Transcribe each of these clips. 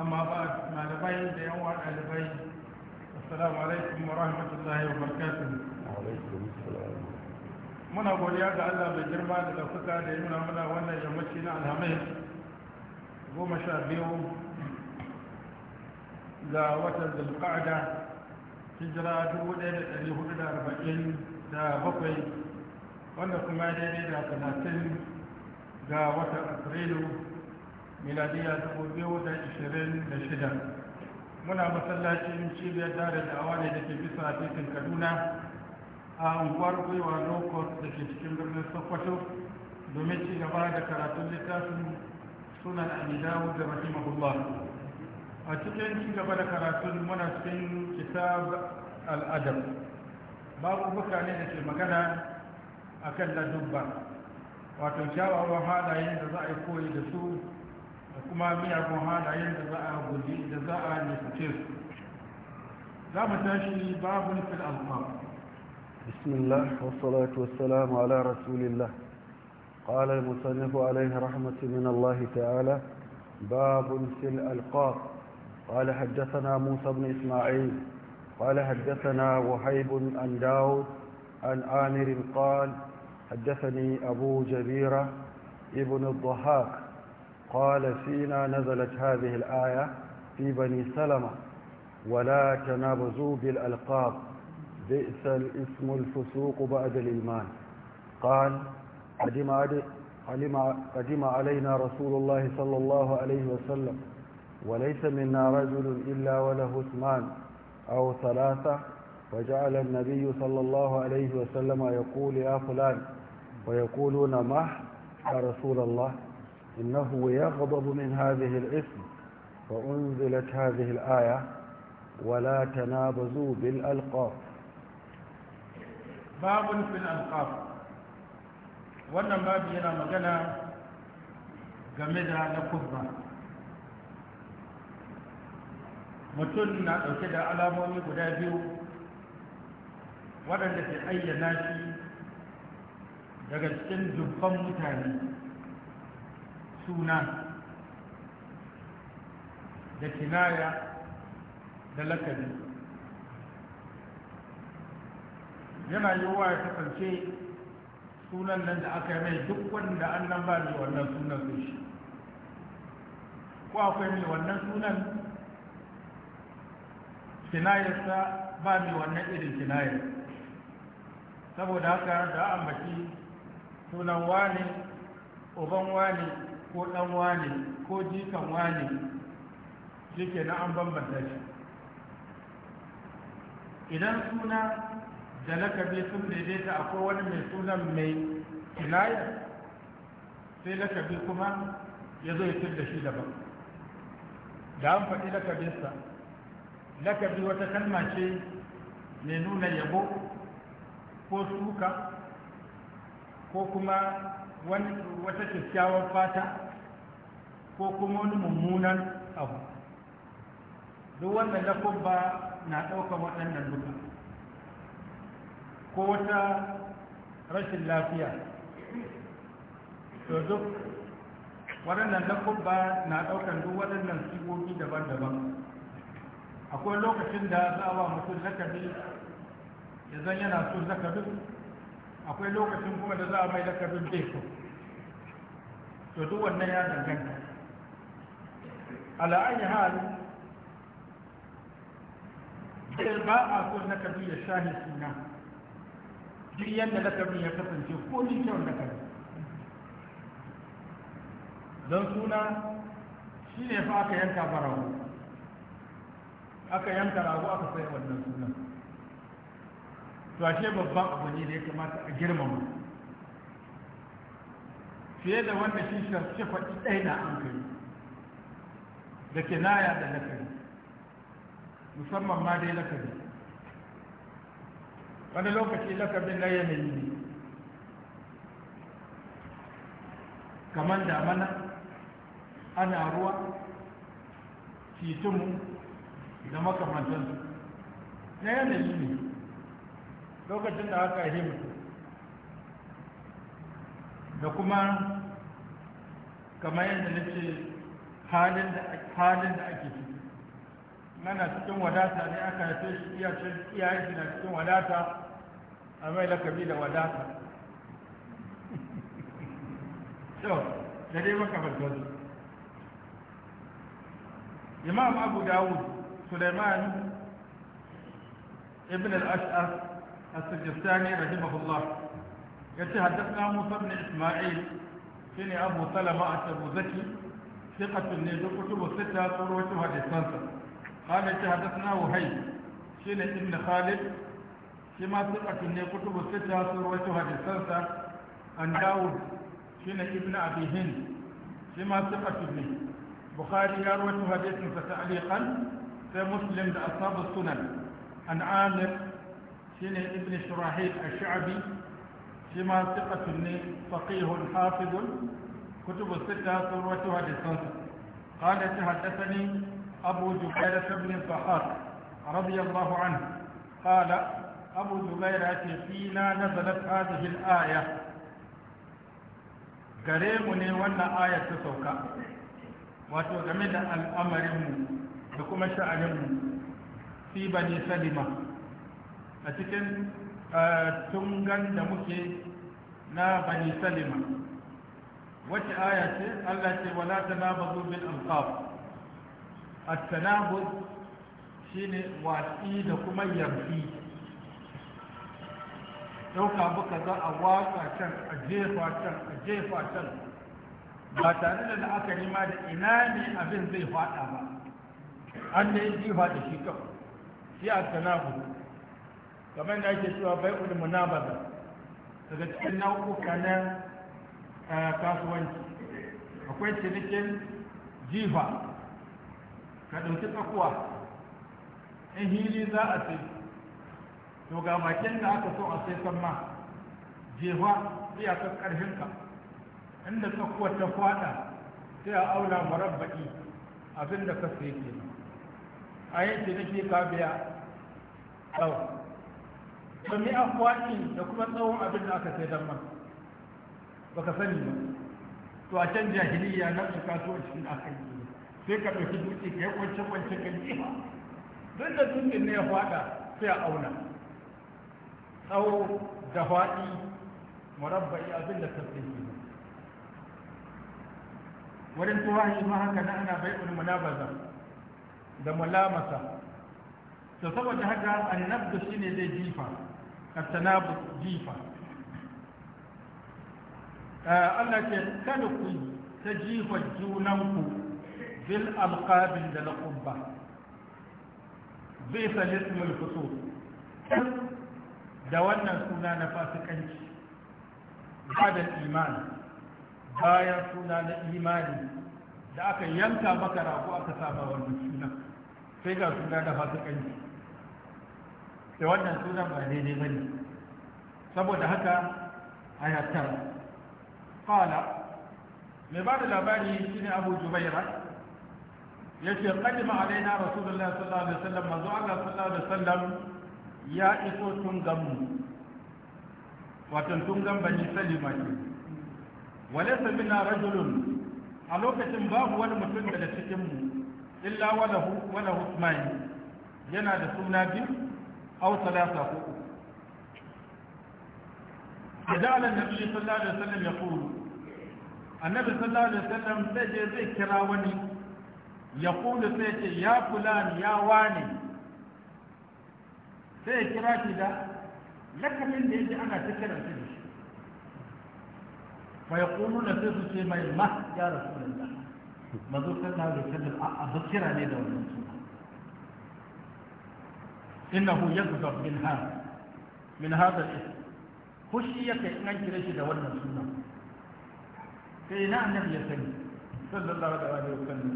amma ba malamai da 'yan wa ɗalibai assalamu alaikum wa rahmatullahi wa barakatuhu muna godiya ga Allah mai girma da ɗaukaka da yi muna wannan yammaci na alhamai goma sha biyu ga watan zulqa'ada hijira 1447 wanda kuma daidai da 30 ga watan afrilu miladiya shida. muna masallacin cibiyar tare da awa ne da ke bisa a titin kaduna a unguwar gwiwa lokot da ke cikin birnin sokoto domin ci gaba da karatun littafin sunan amidawu da rahimahullah a cikin ci gaba da karatun muna cikin kitab al'adam babu mutane da ke magana a kan ladubba wato kyawawan halayen da za a yi koyi da su da kuma halayen da za a guji da za a nufuce su za mu tashi babu بسم الله والصلاة والسلام على رسول الله قال المصنف عليه رحمة من الله تعالى باب في الألقاب قال حدثنا موسى بن إسماعيل قال حدثنا وهيب عن داود عن آمر قال حدثني أبو جبيرة ابن الضحاك قال فينا نزلت هذه الآية في بني سلمة ولا تنابزوا بالألقاب بئس الاسم الفسوق بعد الإيمان قال قدم علينا رسول الله صلى الله عليه وسلم وليس منا رجل إلا وله اسمان أو ثلاثة وجعل النبي صلى الله عليه وسلم يقول يا فلان ويقولون مح يا رسول الله إنه يغضب من هذه الإثم فأنزلت هذه الآية ولا تنابزوا بالألقاب باب في الألقاب wannan babu yana magana game da mutum na ɗauke da alamomi guda biyu waɗanda ke ayyana shi daga cikin dubban mutane suna da kinaya da lakabi yana yiwuwa ya kasance sunan nan da aka yi mai duk wanda an nan ba ne wannan sunan su shi ko akwai mai wannan sunan kinayarsa ba ne wannan irin kinayar saboda haka da ambaci sunan wani uban ko ɗan wane ko jikan wane shi na an bambanta shi idan suna da lakabi sun daidaita a wani mai sunan mai kinaya sai lakabi kuma ya zo ya da shi daban da an faɗi lakabinsa lakabi wata kalma ce mai nuna yabo ko suka ko kuma wata kyakkyawan fata ko kuma wani mummunan abu duk wannan ba na ɗaukar waɗannan duka ko wata rashin lafiya to duk waɗannan ba na ɗaukar duk waɗannan sigogi daban-daban akwai lokacin da za a ba mutum lakabi ya zan yana so lakabin akwai lokacin kuma da za a mai lakabin bai so to duk wannan ya danganta على أي حال ba a so na الشاهد سنة shahi أن لك yadda na في ya kasance ko ni kyau na don suna shi ne fa aka yanka barawo aka yanka rago aka sai wannan suna. to ashe babban abu ne da ya kamata a girmama fiye da wanda shi shafa ɗaya na an kai da kinaya da lakari musamman ma dai lakari wani lokaci lakabin na yanayi ne kamar damana ana ruwa titinmu da makamantansu na yanayi ne lokacin da aka yi mutu da kuma kamar yadda na ce halin da ake ciki nana cikin wadata ne aka haife shi iyayen shi na cikin wadata a mai lakabi da wadata so da dai makamantar imam abu dawud suleiman ibn al-ash'ar السجستاني رحمه الله يتحدثنا موسى بن إسماعيل شيني أبو سلمة أبو زكي ثقة دون كتب الستة ثروة حديثانسا قال حدثنا وهي شين ابن خالد كما ثقة دون كتب الستة ثروة حديثانسا عن داود شين ابن أبي هند كما ثقة ابن بخاري يروي حديثا تعليقا في مسلم لأصحاب السنن عن عامر شين ابن شراحيل الشعبي كما ثقة فقيه حافظ kutubu sita sun rawaito hadisansa qala ta haddathani abu jubair ibn sahar radiyallahu anhu qala abu jubair ce fina nazalat hadhihi al-aya gare mu ne wannan ayar ta sauka wato game da al'amarinmu da kuma sha'aninmu fi bani salima a cikin eh, tungan da muke na bani salima wacce aya ce Allah ce wala tanabazu bil alqab at-tanabuz shine watsi da kuma yarfi dauka buka za a waka can a jefa can a jefa can ba tare da la'akari ma da ina ne abin zai fada ba an da yi jifa da shi kan. shi a tanabu kamar da ake cewa bai ulmuna ba daga cikin nau'uka na kasuwanci akwai cinikin jifa ka ɗauki tsakuwa in hili za a ce to ga makin da aka so a sai san ma jefa iyakar ƙarfinka inda tsakuwar ta fada sai a aula murabba'i abinda da ka sai ke a yi ciniki ka biya tsawo to mi akwai da kuma tsawon abinda aka sai don mana baka sani ba to a can jahiliya na su kasuwancin a kan sai ka ɗauki dutse ka yi kwance kwance ka yi ba don da dutsen ne ya faɗa sai a auna tsawo da faɗi murabba'i abin da tafi ne wurin tuwahi ma haka na ana bai wani labaza da malamata ta saboda haka annabdu ne zai jifa a tanabu jifa Eh, Allah ce kada ku ta jifa junanku bil alqabil da na Zai bi salismul fusuq da wannan suna na fasikanci ba da imani bayan suna na imani da aka yanka maka rago aka saba wannan suna sai ga suna na fasikanci da wannan suna ba daidai bane saboda haka ayatar qala mai ba da labari shine abu jubaira yace qadima alaina rasulullahi sallallahu alaihi wasallam manzo Allah sallallahu alaihi wasallam ya iso tun gamu wato tun gam bani salima ce walaysa bina rajulun a lokacin babu wani mutum da cikin mu illa walahu walahu yana da suna biyu aw salasa ko فجعل النبي صلى الله عليه وسلم يقول annabi sallallahu alaihi wasallam sai je zai kira wani ya kulu sai ce ya fulan ya wane sai ya kira shi da lakamin da yake ana ta kira shi da fa ya kulu na sai su ce mai ma ya rasu rasulullah mazo sallallahu alaihi wasallam a kira ne da wannan suna innahu yakzab min ha min hada al-ism kushi yake in an kira shi da wannan sunan sai eh, na annabi ya sani sallallahu alaihi wa sallam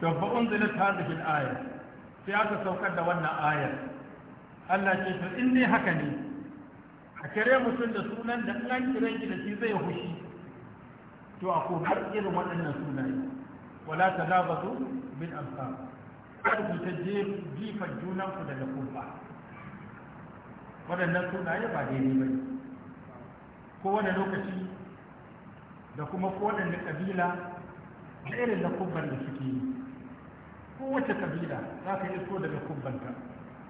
to fa unzilat hadhihi al-aya sai aka saukar da wannan ayar Allah ce to in ne haka ne a kire mutum da sunan da an kiran ki da shi zai hushi to a kokar irin waɗannan sunaye wala talabatu bil amsal kar ku ta jifar junanku daga kofa waɗannan sunaye ba daidai ba ne ko Wani lokaci da kuma wadanda ƙabila da irin da kubban da suke yi kowace ƙabila za ka iso daga kubbanta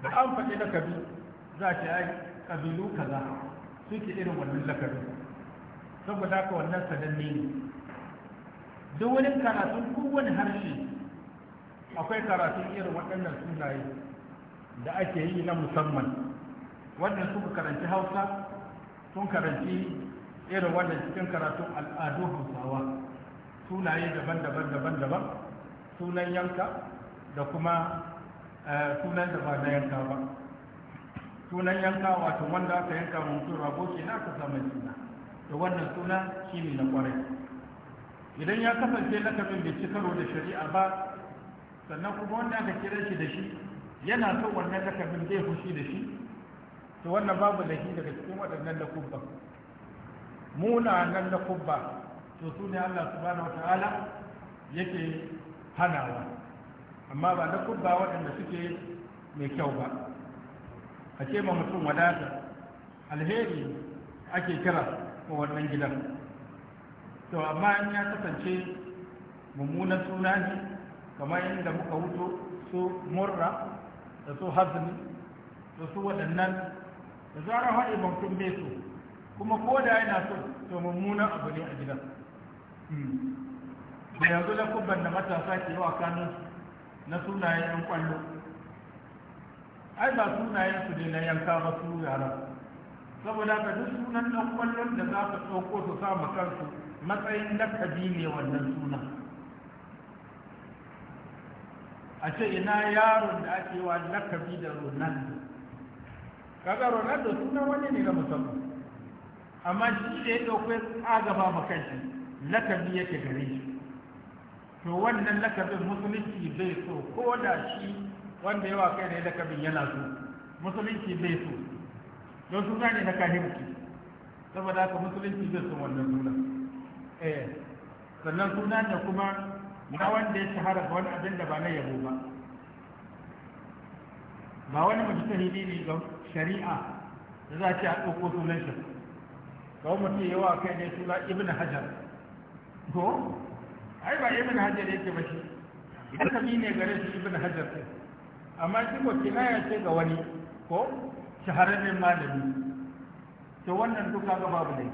da an faɗi lakabi za ta yi ƙabilu kaza suke irin wannan lakabi saboda haka wannan sananne ne duk wani karatun kowane harshe akwai karatun irin waɗannan sunaye da ake yi na musamman wannan suka karanci hausa sun karanci irin wannan cikin karatun al'adu hausawa sunaye daban-daban daban-daban sunan yanka da kuma eh, sunan da ba na yanka ba sunan yanka wato wanda aka yanka mutum rago ke na aka samun suna da wannan suna shi ne na kwarai idan ya kasance kafin bai ci karo da shari'a ba sannan kuma wanda aka kira shi da shi yana so wannan kafin zai fushi da shi to wannan babu shi daga cikin waɗannan lakubban munanan na kubba to su ne Allah subhanahu ta'ala yake hanawa amma ba na kubba waɗanda suke mai kyau ba a ce ma mutum wadata alheri ake kira ko wannan gidan to amma in ya kasance mummunan suna ne kamar inda muka wuto su murra da su hazmi da su waɗannan da zarar haɗe mutum bai su. kuma ko da yana so to mummunan abu ne a gidan hmm. da yanzu da kubban da matasa ke yawa kanun na sunayen yan kwallo ai ba sunayen su ne na yanka ba su yara? saboda ka duk sunan ɗan kwallon da za ka tsoko su sa kansu matsayin lakabi ne wannan sunan a ce ina yaron da ake wa lakabi da ronaldo kaga ronaldo suna wani ne ga musamman amma shi da ya ɗauko a gaba ma kanshi lakabi yake gare shi to wannan lakabin musulunci bai so ko da shi wanda yawa kai ne lakabin yana so musulunci bai so don suna ne na kahirki saboda haka musulunci zai so wannan suna eh sannan suna da kuma na wanda ya shahara ga wani abin da ba na yabo ba ba wani mujtahidi ne ga shari'a da za a ce a ɗauko sunan shi kawo mutum ya wa kai ne suna ibn hajar ko ai ba ibn hajar yake ba shi idan ne gare shi ibn hajar ne. amma shi ko kinaya ce ga wani ko shahararren malami to wannan duka ga babu ne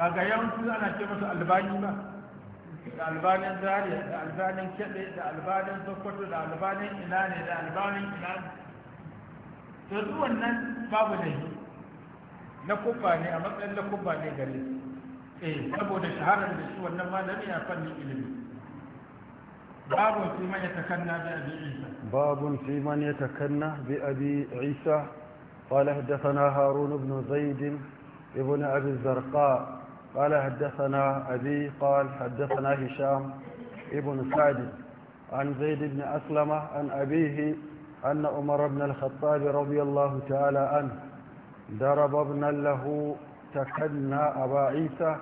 kaga yawanci ana ce masa albani ba da albanin zari, da albanin kyaɗe da albanin sokoto da albanin ina ne da albanin ina ne to duk wannan babu ne na kubba ne a matsayin na kubba ne gare eh saboda shaharar da shi wannan malami a fannin ilimi باب في من يتكنى بأبي عيسى باب في من يتكنى بأبي عيسى قال حدثنا هارون بن زيد ابن أبي الزرقاء قال حدثنا أبي قال حدثنا هشام ابن سعد عن زيد بن أسلمة عن أبيه أن عمر بن الخطاب رضي الله تعالى عنه ضرب ابنا له تكنى أبا عيسى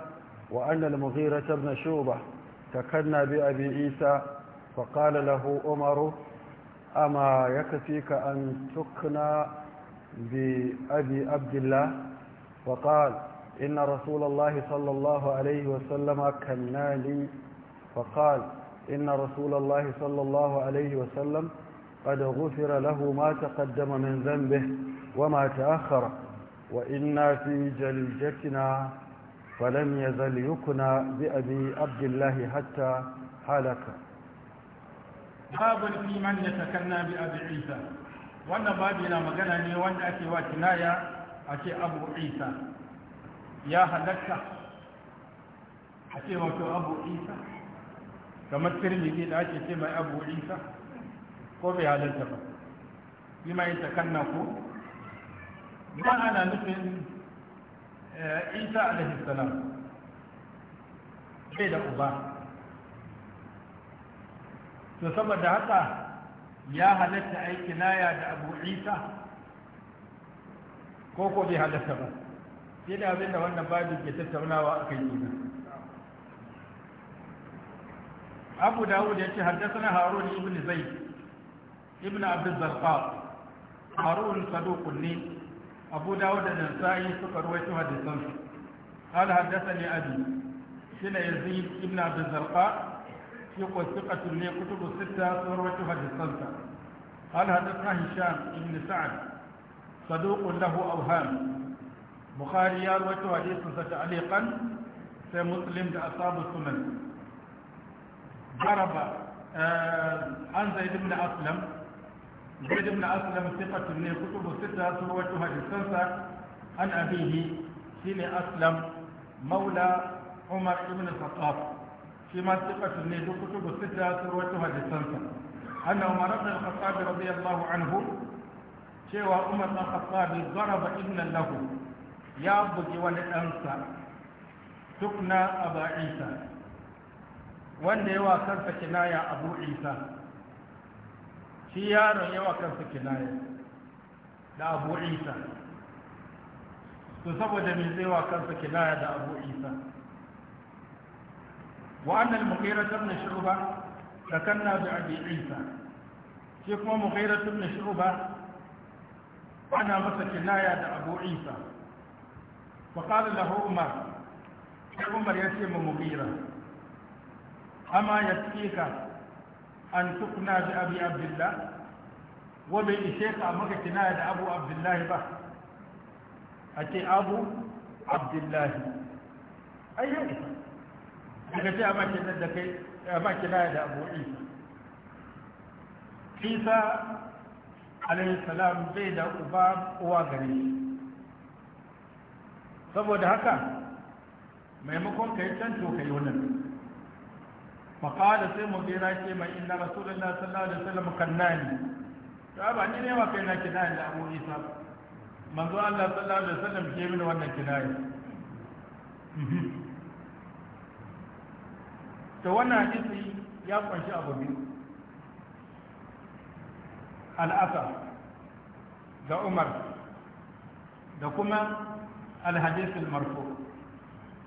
وأن المغيرة بن شوبة تكنى بأبي عيسى فقال له عمر أما يكفيك أن تكنى بأبي عبد الله فقال إن رسول الله صلى الله عليه وسلم كنى لي فقال إن رسول الله صلى الله عليه وسلم قد غفر له ما تقدم من ذنبه وما تأخر وإنا في جلجتنا فلم يزل يكنى بأبي عبد الله حتى هلك باب في من يتكنى بأبي عيسى وانا بابي لا مغنى ني وانا أتي واتنايا أتي أبو عيسى يا هلك أتي واتو أبو عيسى كما الترمذي لا أتي أبو عيسى ko bai halarta ba bima yin takanna ko ba ana nufin eh, isa alaihi salam bai da uba to saboda haka ya halatta aiki laya da abu isa ko ko bai halatta ba sai da abinda wannan babu ke tattaunawa a kan yi abu dawud ya ce haddasa harun ibn zaid ibn abdul zarqa harun saduqun ne abu dawud da nasa'i suka rawaito hadisan su qala hadathani abi shine yazid ibn abd zarqa fi qasiqati li kutub sita rawaito hadisan sa qala hadathana hisham ibn sa'd صدوق له اوهام بخاري روايته حديثا تعليقا في مسلم اصاب السنن ضرب عن زيد بن اسلم زيد بن أسلم ثقة من كتب الستة سروة حديثنسا عن أبيه سين أسلم مولى عمر بن الخطاب فيما ثقة من كتب الستة سروة حديثنسا أن عمر بن الخطاب رضي الله عنه شوى عمر بن الخطاب ضرب ابنا له يا بجي ولأنسى تكنى أبا عيسى wanda yawa kansa kinaya abu isa shi yaron yawa kansa kinaya da abu isa to saboda mai wa kansa kinaya da abu isa wa'annan mukaira tabna shuruba da kanna bi abi isa shi kuma mukaira tabna Shu'ba ana masa kinaya da abu isa faƙaɗa lahu umar umar ya ce mu mukaira amma ya an tukuna bi abu abdullah wa bai ishe ka maka kinaya da abu abdullahi ba a ce abu abdullahi ayyau isa daga ce a makinan da kai a makinaya da abu isa isa alaihissalam bai da uba uwa gare shi saboda haka maimakon ka yi can ka yi wannan faƙada sai mu bera ke mai na rasulullah da sallam kan kannani ta ba ni ne ma kai na kinaya da abu isa manzo allah sallallahu da sallam ke mini wannan kinaya to wannan hadisi ya kunshi abu biyu al'asa ga umar da kuma alhadisul marfu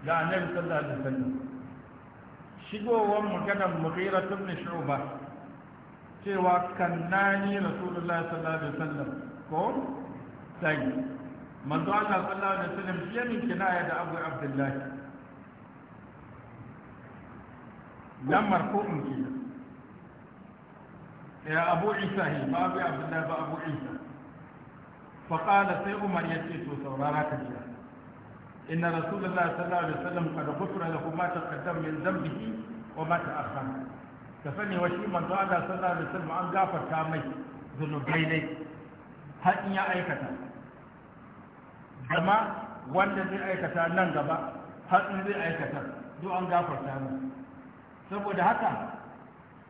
da annabi sallallahu alaihi wasallam shigowar maganar tun ibn shu'ba cewa kannani rasulullah sallallahu alaihi wasallam ko sai manzo Allah sallallahu alaihi wasallam shi ne kinaya da Abu Abdullah dan in ke ya Abu Isa hi ba Abu Abdullah ba Abu Isa fa qala sai Umar yace to saurara ka jira إن رسول الله صلى الله عليه وسلم قد غفر له ما تقدم من ذنبه وما تأخر كفني وشي من قال صلى الله عليه وسلم أن غافر كامي ذنوبين هل إن أيكتا جماعة wanda zai aikata nan gaba har in zai aikata duk an gafarta mu saboda haka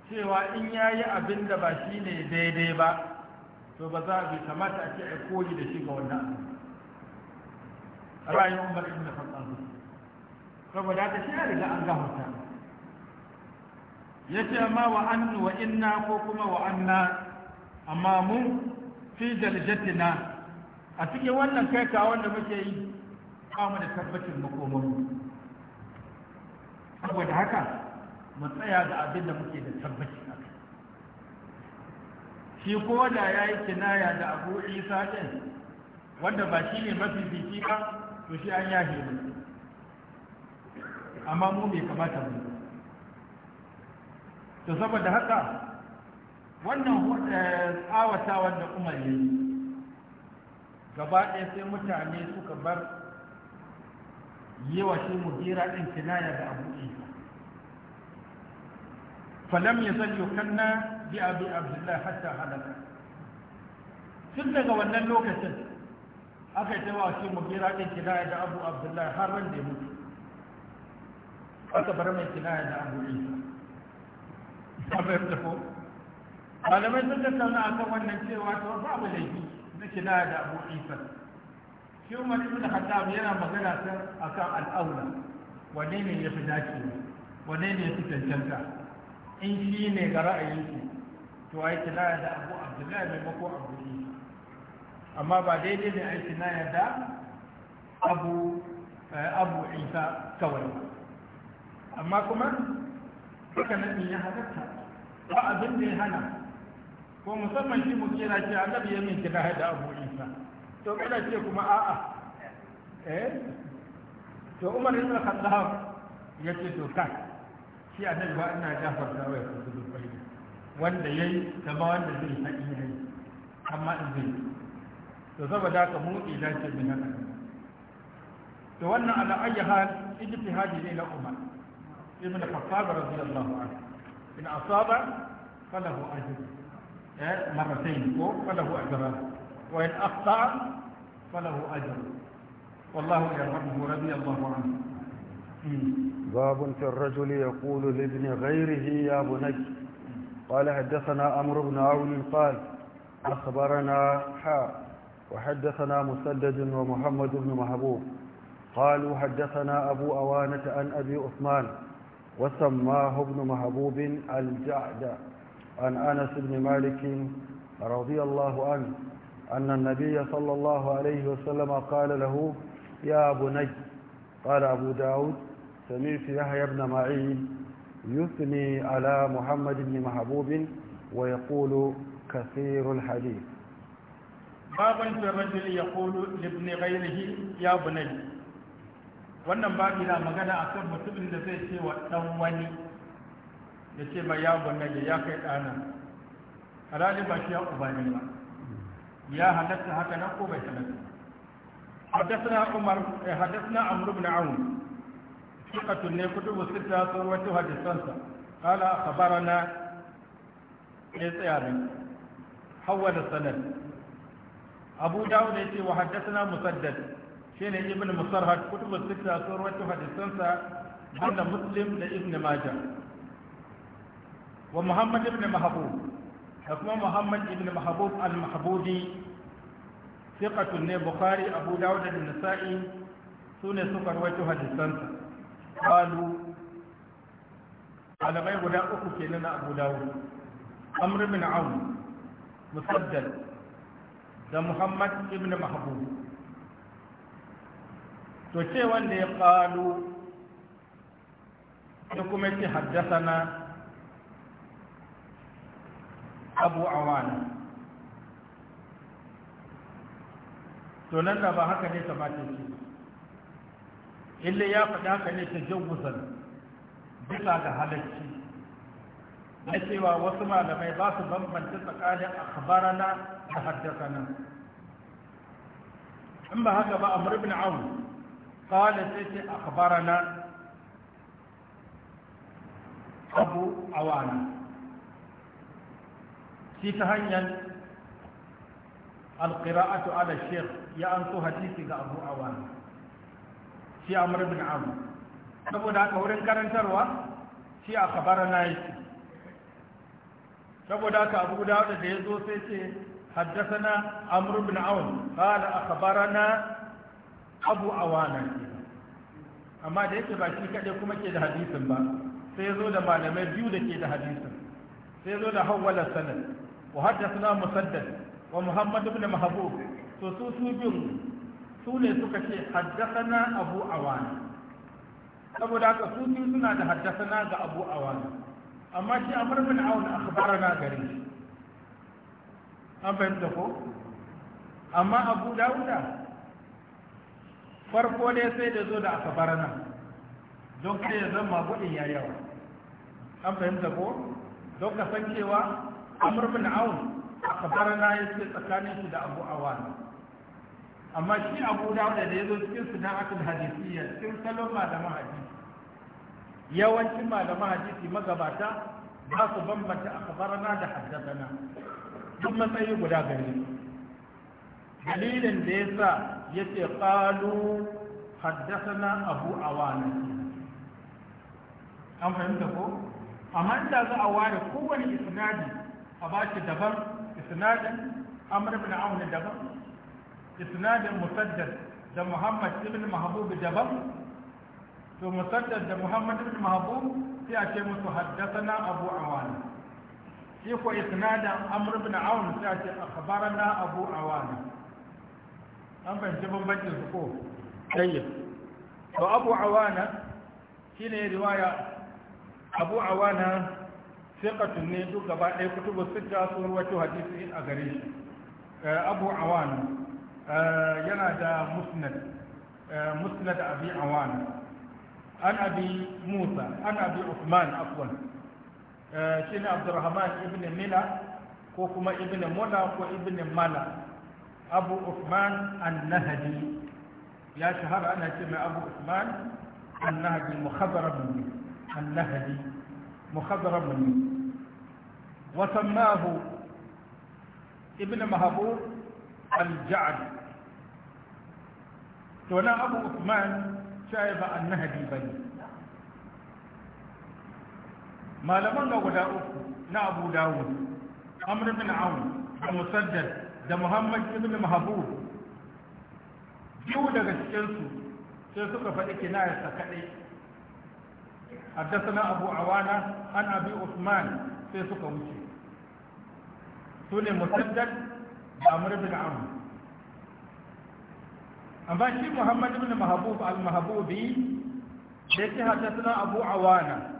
cewa in ya yi abinda ba shi ne daidai ba to baza a bi kamata a ce a koyi da shi ga wannan rayuwar umar ibn khattab saboda ta shi riga an gama Ya ce amma wa annu wa inna ko kuma wa anna amma mun fi jaljatina a cikin wannan kai ka wanda muke yi ba mu da tabbacin makomanmu saboda haka mu tsaya da abin da muke da tabbaci a shi ko da ya yi kinaya da abu isa ɗin wanda ba shi ne mafi biki ba to shi an yahe ne amma mu mai kamata mu to saboda haka wannan eh, tsawata da umar yi gaba ɗaya sai mutane suka bar yawa shi muhira ɗin kinaya da abu isa falam ya zan yukanna bi abi abdullahi hatta halaka tun daga wannan lokacin aka yi ta wa shi mugira ɗin kinaya da abu abdullahi har ran da ya mutu aka bar mai kinaya da abu isa sabar da ko malamai sun tattauna a kan wannan cewa ta wasu abu laifi na kinaya da abu isa shi umar ibn khattab yana magana ta akan al'aula wanne ne ya fi dace wanne ne ya fi cancanta in shi ne ga ra'ayin shi to ai kinaya da abu abdullahi maimako abu isa amma ba daidai da aiki na yadda abu eh, abu isa kawai amma kuma duka na ya halatta ba abin da ya hana ko musamman shi mu kira ce annabi ya min kira da abu isa to kada ce kuma a'a eh to umar ibn khattab ya ce to kai shi annabi ba ina jafar da wai wanda yayi kama wanda zai haƙi yayi amma in zai to saboda haka mu idan ce min haka to wannan ala ayi hal ijtihadi ne na umar ibn khattab radiyallahu anhu in asaba falahu ajr eh marratayn ko falahu ajran wa in akhta falahu ajr والله يرحمه رضي الله عنه باب في الرجل يقول لابن غيره يا بني قال حدثنا عمرو بن عون قال اخبرنا حاء وحدثنا مسدد ومحمد بن محبوب قالوا حدثنا أبو أوانة عن أبي عثمان وسماه ابن محبوب الجعد عن أنس بن مالك رضي الله عنه أن النبي صلى الله عليه وسلم قال له يا بني قال أبو داود سمعت يحيى بن معين يثني على محمد بن محبوب ويقول كثير الحديث baban fi rajul ya li ibn ghayrihi ya bunai wannan babi na magana a kan mutumin da zai ce wa dan wani ya ce ba ya bunai ya kai dana halali ba shi ya uba ne ba ya halatta haka na ko bai halatta حدثنا عمر حدثنا عمرو بن عون ثقة كتب ستة صورتها دستانسا قال أخبرنا إيه حول السند abu dawud ya ce wa haddathana musaddad ne ibn musarhad kutubu sita sun rawaito hadisansa banda muslim da ibn Maja. wa muhammad ibn mahbub da kuma muhammad ibn mahbub al-mahbubi thiqatun ne bukhari abu dawud da nasa'i sune suka rawaito hadisansa qalu malamai guda uku kenan na abu dawud amr bin aun musaddad da muhammad ibn mahbub to ce wanda ya ƙalu da kuma ce haddasana abu awana to nan da ba haka ne kamata ce illa ya faɗi haka ne ta jawuzan bisa ga halarci na cewa wasu malamai ba su bambanta tsakanin akhbarana da haddasana in ba haka ba amr ibn aun qala sai ce akhbarana abu awana shi ta hanyar alƙira'atu ala shekh ya an so hadisi ga abu awana shi amr ibn aun saboda haka wurin karantarwa shi a kabara na yake saboda haka abu guda da ya zo sai ce حدثنا عمرو بن عون قال اخبرنا ابو عوانا amma da yake ba ki kaɗai kuma ke da hadisin ba sai zo da malamai biyu da ke da hadisin sai zo da hawwalar sanar wa haddasa na musaddad wa muhammadu bin mahabu to su su ne suka ce haddasa abu awani saboda haka su biyu suna da haddasa ga abu awani amma shi amurbin awon akabara na gari. an fahimta ko amma abu dauda farko dai sai da zo da aka nan don kai ya zama gudun ya yawa an fahimta ko don ka san cewa amur bin aun aka na ya ce tsakanin shi da abu awan amma shi abu dauda da ya zo cikin su dan akal hadisiyya cikin salon malaman hadisi yawancin malaman hadisi magabata ba su bambanta akhbarana da haddathana duk matsayi guda gare dalilin da ya sa ya ce, qalu haddathana abu wani? an fahimta ko amma inda za a ware kowane isnadi a ba shi daban isnadin amr ibn auni daban isnadin musaddad da muhammad ibn mahbub daban to musaddad da muhammad ibn mahbub sai a ce musu haddasana abu awana shi ko isnadin amr ibn aun sai a ce akhbarana abu awana an fahimci bambanci su ko tayyib to abu awana shine riwaya abu awana thiqatun ne duk gaba ɗaya kutubu sita sun rawaito hadisi a gare shi eh, abu awana eh, yana da musnad eh, musnad abi awana an abi musa an abi usman afwan shine abdurrahman ibn mila ko kuma ibn mula ko ibn mala abu usman an-nahdi ya shahara ana ce mai abu usman an-nahdi mukhadaramun an-nahdi mukhadaramun وسماه ابن مهبور الجعد تونا أبو عثمان shaye ba annahadi ba ne malaman ga guda uku na abu dawud amr bin da musaddad da muhammad ibn mahabu biyu daga cikinsu sai suka faɗi kinayarsa kaɗai awana an abi usman sai suka wuce su ne مسدد da بن عمرو amma shi muhammad ibn mahabub al-mahabubi da yake haddasa abu awana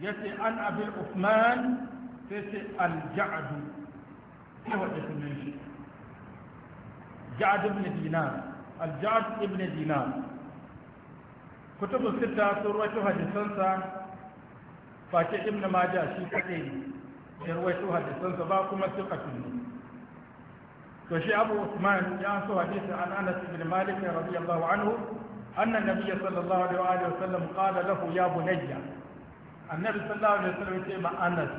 yace an abin usman sai ce al jaadu sai wadda sunan shi ja'd ibn dinar al-ja'd ibn dinar kutubu sita sun rawaito hadisansa face ibn majah shi kadai ne ya rawaito hadisansa ba kuma sifatun ne فشي أبو عثمان يأنسو حديث عن أنس بن مالك رضي الله عنه أن النبي صلى الله عليه وآله وسلم قال له يا بني النبي صلى الله عليه وسلم يقول أنس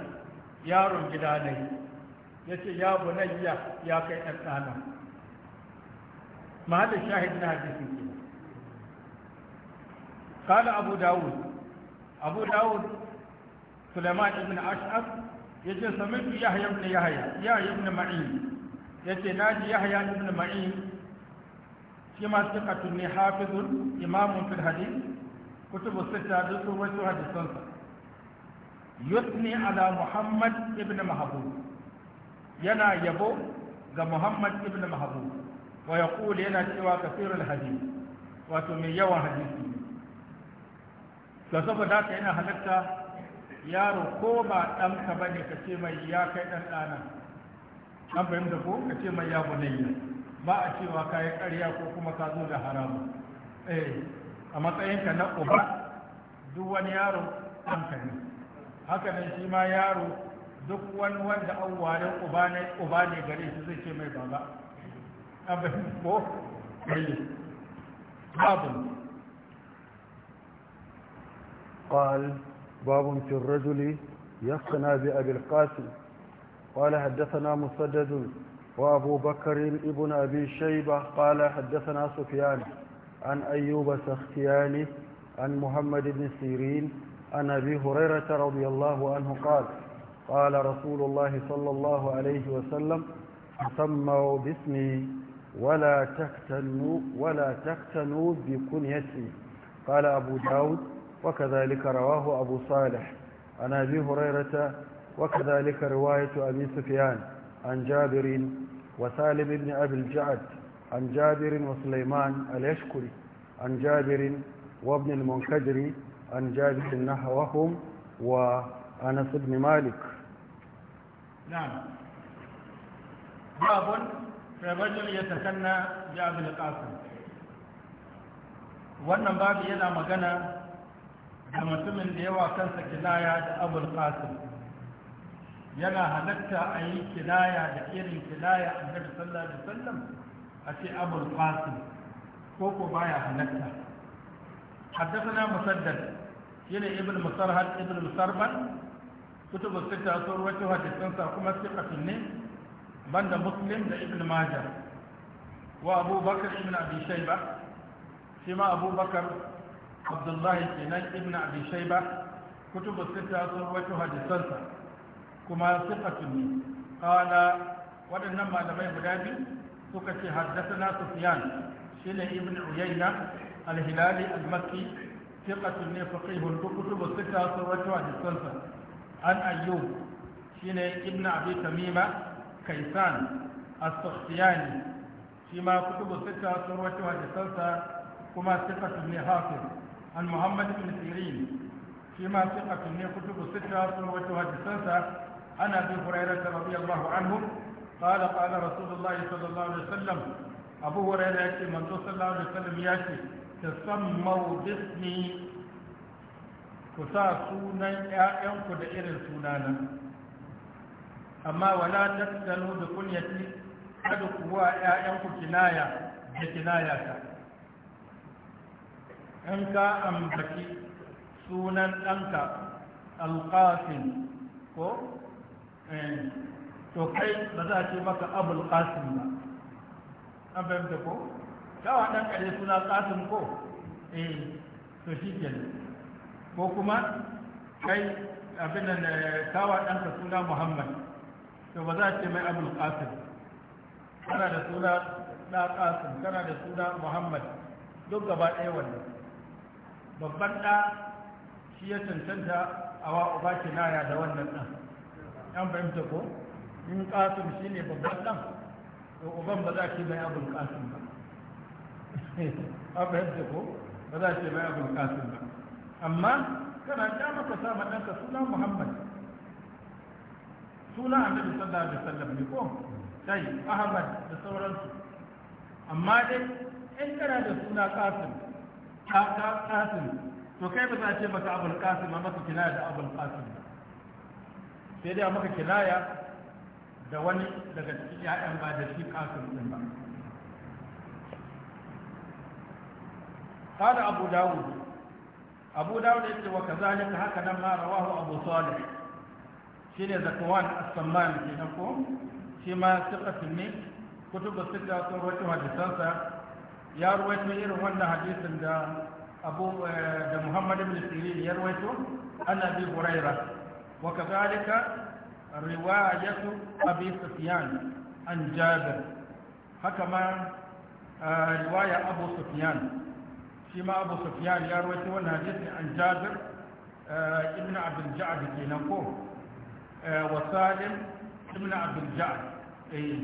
يا رجلاني يقول يا بني يا كي أتانا ما هذا الشاهد من قال أبو داود أبو داود سليمان بن أشعث يقول سمعت يحيى بن يحيى يحيى بن معين yace naji yahya ibn ma'in shi ma thiqatun ne hafizun imamun fil hadith kutubu sita duk sun wasu hadisan sa yusni ala muhammad ibn mahbub yana yabo ga muhammad ibn mahbub wa yaqul yana cewa kasirul hadith wato mai yawan hadisi to saboda haka yana halatta yaro ko ba ɗanka bane ka ce mai ya kai ɗan ɗana an fahimta ko ka ce mai ya bunayya ba a cewa ka yi ƙarya ko kuma ka zo da haramu eh a matsayinka na uba duk wani yaro an kai haka nan shi ma yaro duk wani wanda an ware uba ne uba ne gare shi zai ce mai baba an fahimta ko eh babu قال باب في الرجل يقتنى بأبي القاسم قال حدثنا مسدد وأبو بكر ابن أبي شيبة قال حدثنا سفيان عن أيوب سختياني عن محمد بن سيرين عن أبي هريرة رضي الله عنه قال قال رسول الله صلى الله عليه وسلم سموا باسمي ولا تكتنوا ولا تكتنوا بكنيتي قال أبو داود وكذلك رواه أبو صالح عن أبي هريرة وكذلك رواية أبي سفيان عن جابر وسالم بن أبي الجعد عن جابر وسليمان اليشكري عن جابر وابن المنكدر عن جابر نحوهم وأنس بن مالك نعم باب في رجل يتكنى جابر القاسم wannan babu yana magana da mutumin da yawa kansa kinaya da abul qasim yana halatta a yi kinaya da irin kinaya a gada sallar da a ce abul fasil ko ko baya halatta haddasa musaddad shi ne ibn musar ibn musar kutu ba su ta tsoro wata kuma sai ne ban da ibn majar wa abubakar ibn abi shaiba shi ma abubakar abdullahi kenan ibn abi shaiba kutu ba su ta tsoro wata kuma sifatun ne kawala waɗannan malamai guda biyu suka ce haddasa sufyan shi ne ibn uyayna alhilali almaki sifatun ne faqihun duk kutubu sita sun rawaito hadisansa an ayyub shi ne ibn abi tamima kaisan as-sakhtiyani shi ma kutubu sita sun rawaito hadisansa kuma sifatun ne hafiz an muhammad ibn sirin shi ma sifatun ne kutubu sita sun rawaito hadisansa عن ابي هريره رضي الله عنه قال قال رسول الله صلى الله عليه وسلم ابو هريره يكتب من صلى الله عليه وسلم ياتي تسموا باسمي kusa sunan ‘ya’yanku da irin sunana amma wala daskanu da kunyati kada kuwa ‘ya’yanku kinaya da kinaya ta ka ambaki sunan ɗanka alƙafin ko Eh, to kai ba za a ce maka abul qasim ba an fahimta ko dawa dan kare suna qasim ko eh to shi ko kuma kai abin da kawa eh, ka suna muhammad to ba za a ce mai abul qasim kana da suna da qasim kana da suna muhammad duk gaba ɗaya wannan babban ɗa shi ya cancanta a wa uba ya da wannan ɗan an fahimta ko in kasim shi ne babban ɗan to uban ba za shi mai abin kasim ba an fahimta ko ba za shi mai abin kasim ba amma kana ja maka sa ma ɗanka suna muhammad suna annabi sallallahu alaihi wasallam ne ko sai ahmad da sauransu amma dai in kana da suna kasim ka kasim to kai ba za a ce maka abul kasim amma su kina da abul kasim ba Saidaya muka ƙiraya da wani daga 'ya'yan ba da shi a kasuwan ba. Sada Abu-Dawu, Abu-Dawu ne wa kaza ne ka haka don marawa ko Abdullahi, shi ne da kowanne samman gidanku, shi ma ya siffa fimne, ko tun da suka tsoratarwa ke kwatinsa, yaro wai ta irin wannan hadisin da eh, Muhammadu Al-Sabilin ya ruwa ya yi tun ana biyu guraira. وكذلك رواية أبي سفيان عن جابر حكما آه، رواية أبو سفيان فيما أبو سفيان يروي والحديث عن جابر آه، ابن عبد الجعد كينكو آه، وسالم ابن عبد الجعد أي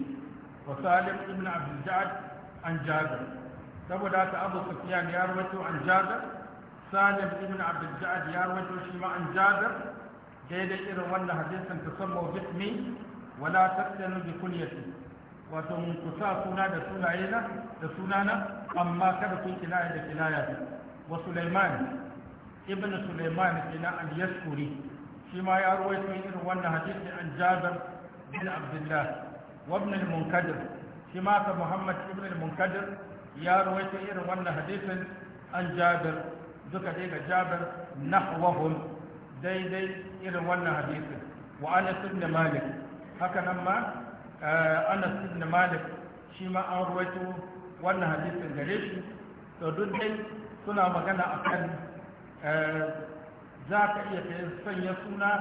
وسالم ابن عبد الجعد عن جابر saboda أبو سفيان sufiyan عن جابر سالم ابن عبد الجعد abdul ja'ad ya rawaito daidai irin wannan hadisin ta san mawjismi wala tattanu bi kunyati wato mun kusa suna da sunayena da sunana amma kada kun kinaya da kinaya wa Sulaiman ibn Sulaiman ina al-Yaskuri shi ma ya ruwaito irin wannan hadisi an Jabir bin Abdullah wa ibn al-Munkadir shi ma ka Muhammad ibn al-Munkadir ya ruwaito irin wannan hadisin an Jabir duka dai ga Jabir nahwahum daidai irin wannan hadisin wa anas ibn malik haka nan ma eh, anas ibn malik shi ma an ruwaito wannan hadisin gare shi to duk dai suna magana akan eh, za ka iya kai sanya suna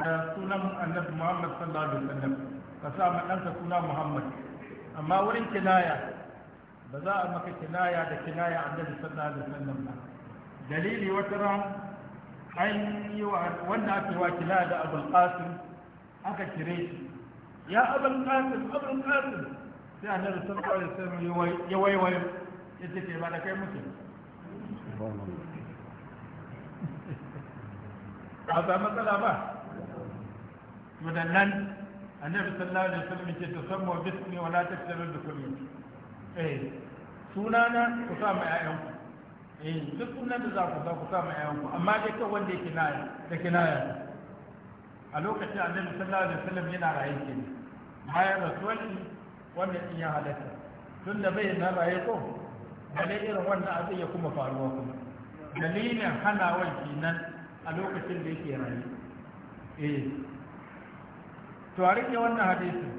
da sunan annabi muhammad sallallahu alaihi wasallam ka sa ma ɗanka suna muhammad amma wurin kinaya ba za a maka kinaya da kinaya annabi sallallahu alaihi wasallam ba dalili wata ran an yi wa kila da abul aka kire shi ya abul qasim abul qasim sai annabi sallallahu ya ya ce ke ba da kai muke a ba matsala ba to da nan annabi sallallahu alaihi wasallam ce tusammu bismi wala taktabu bi eh sunana ku sa ma 'ya'yanku duk sunan da za ku sa ku sa ma yayanku amma dai kan wanda yake naya da kinaya a lokacin annabi sallallahu alaihi wasallam yana rayuwa ke bayan rasuwar shi wannan din ya halatta tun da bai na raye ko bale irin wannan abin ya kuma faruwa kuma dalilin hanawar kenan a lokacin da yake raye eh to a rike wannan hadisi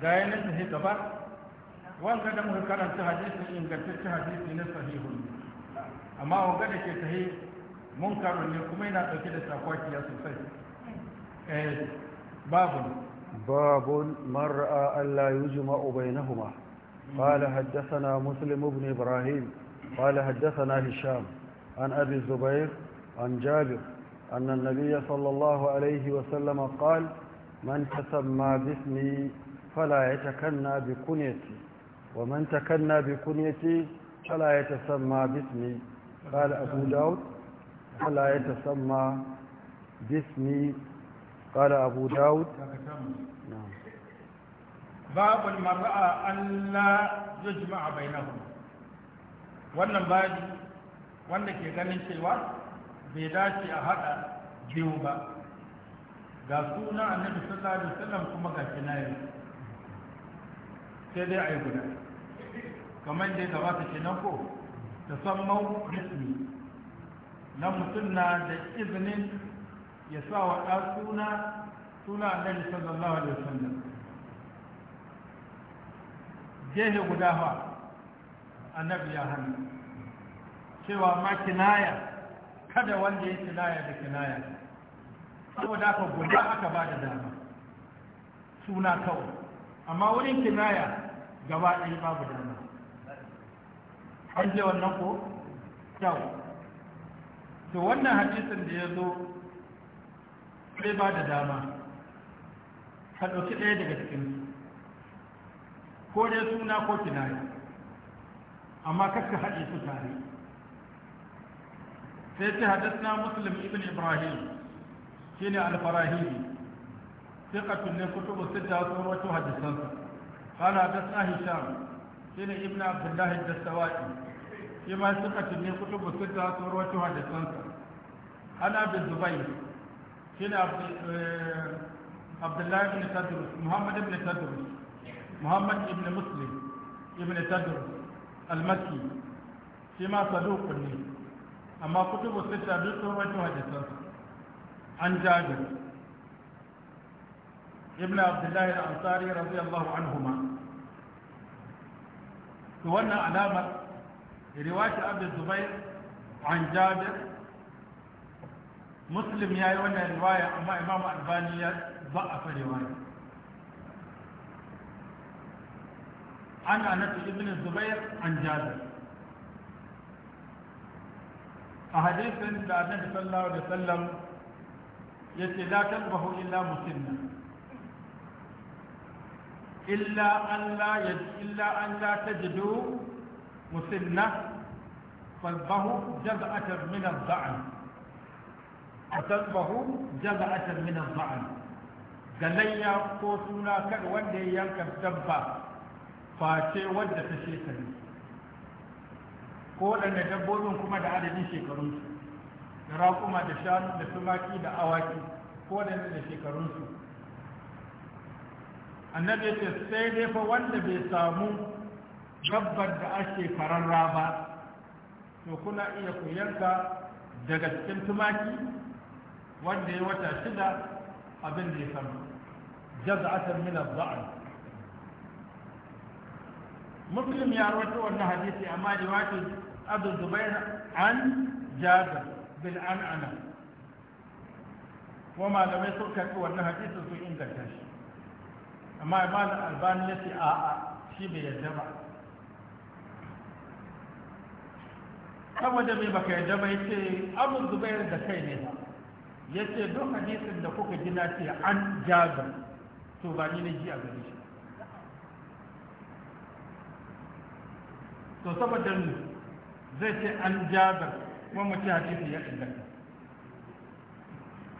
ga yanar da gaba wanga da muka karanta hadisi ingantaccen hadisi na sahihun amma wanga da ke sahi munkarun ne kuma yana ɗauke da sakwakiya sosai eh, babun babun mar'a Allah na yujma'u bainahuma haddasa حدثنا مسلم بن إبراهيم قال حدثنا هشام an أبي الزبير عن جابر أن النبي صلى الله عليه وسلم قال من تسمى باسمي فلا يتكنى بكنيتي ومن تكنى بكنيتي فلا يتسمى باسمي قال أبو داود فلا يتسمى باسمي قال أبو داود باب المرأة ألا يجمع بينهم wannan baji wanda ke ganin cewa bai dace a haɗa biyu ba ga suna annabi sallallahu alaihi wasallam kuma ga kinayi sai dai a yi guda kamar da ya gabata ce nan ko ta san bismi na mutum na da izinin ya sa wa ɗan suna suna annabi sallallahu alaihi wasallam gehe guda fa annabi ya hannu cewa ma kinaya kada wanda ya kinaya da kinaya saboda aka guda aka ba da dama suna kawai amma wurin kinaya gaba ɗaya babu dama an je wannan ko kyau to wannan hadisin da ya zo sai ba da dama ka ɗauki ɗaya daga cikin ko dai suna ko kinaya amma kakka haɗe su tare sai ce na muslim ibn ibrahim shine alfarahimi ثقة من كتب الستة wato hadisansa قال حدثنا هشام سيدنا ابن عبد الله الدستوائي فيما ثقة من كتب الستة وروته حدثنسا أنا أبي الزبير سيدنا عبد عبد الله بن تدرس محمد بن تدرس محمد بن مسلم ابن تدرس المكي فيما صدوق لي أما كتب الستة بيت وروته حدثنسا عن جابر ibn abdullahi al-ansari radiyallahu anhuma to wannan alamar riwati abu zubair an jabir muslim ya yi wannan riwaya amma imam albani ya ba a fa riwaya an anatu ibn zubair an jabir a hadisin da annabi sallallahu alaihi wasallam yace la tanbahu illa muslimna illa an la illa an la tajidu musinna فالظهر جزعة من الضعن أتذبه جزعة من الضعن galayya ko suna kan wanda ya yanka dabba face wanda ta shekaru ko waɗanda dabbobin kuma da adadin shekarunsu da raƙuma da shanu da tumaki da awaki ko waɗanda da shekarunsu annabi ya ce sai dai fa wanda bai samu gabbar da ake fararra ba to kuna iya koyanka daga cikin tumaki wanda ya wata shida abin da ya samu jaz'atan min az-za'n muslim ya rawaito wannan hadisi amma riwayat abu zubair an jabir bil an'ana wa malamai suka kai wannan hadisin sun inganta shi amma imam albani ya ce a'a shi bai yadda ba saboda mai baka yadda ba ya ce abu zubayar da kai ne ba ya ce duk hadisin da kuka gina ce an jaga to ba ni na ji a gare shi to saboda mu zai ce an jaga kuma mu ci hadisi ya inganta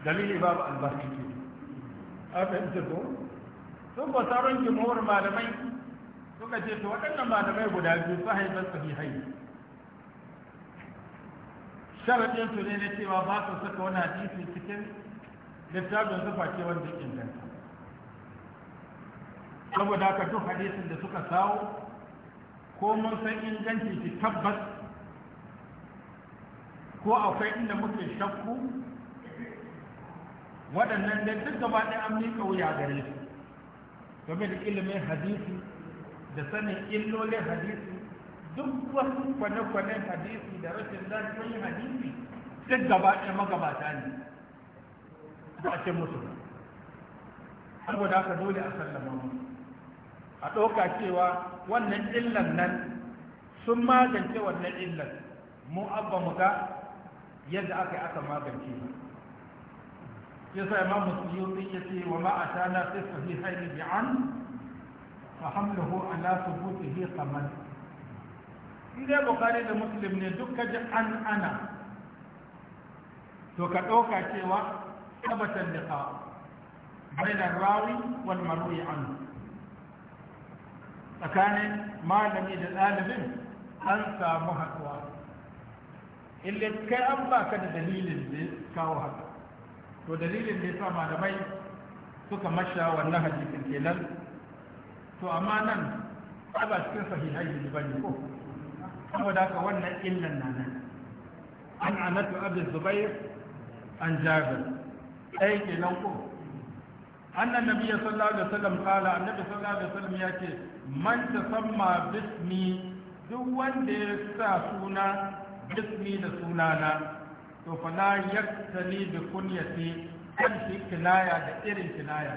dalili babu albarki ke a fahimta ko sun ba sauran jimawar malamai suka ce to waɗannan malamai guda biyu su haifar sahihai sharaɗin su ne na cewa ba su saka wani hadisi cikin littafin su face wanda inganta saboda ka duk hadisin da suka sawo ko mun san inganci ki tabbas ko akwai inda muke shakku waɗannan da duk gaba ɗaya an miƙa wuya gare su game da ilimin hadisi da sanin illolin hadisi duk wasu kwane-kwanen hadisi da rashin lafiyoyin hadisi duk gaba ɗaya magabata ne ba a ce musu ba saboda haka dole a sallama mu a ɗauka cewa wannan illan nan sun magance wannan illan mu abba mu ga yadda aka yi aka magance ba yasa imam musulmi ya ce wa ma atana fi sahihaini bi an fa hamluhu ala thubutihi qaman in dai bukhari da muslim ne duk kaji an ana to ka dauka cewa tabatan liqa baina rawi wal marwi an tsakanin malami da ɗalibin an samu haɗuwa illa kai an baka da dalilin da kawo haka to dalilin da ya sa malamai suka masha wannan hadisin kenan to amma nan ba cikin sahihai ba ne. ko saboda haka wannan illan na nan an anatu abin zubair an jabir ɗaya kenan ko annan nabi sallallahu alaihi wasallam kala annabi sallallahu alaihi wasallam ya ce man samma bismi duk wanda ya sa suna bismi da sunana to fa la yaktali bi kunyati kan fi kinaya da irin kinaya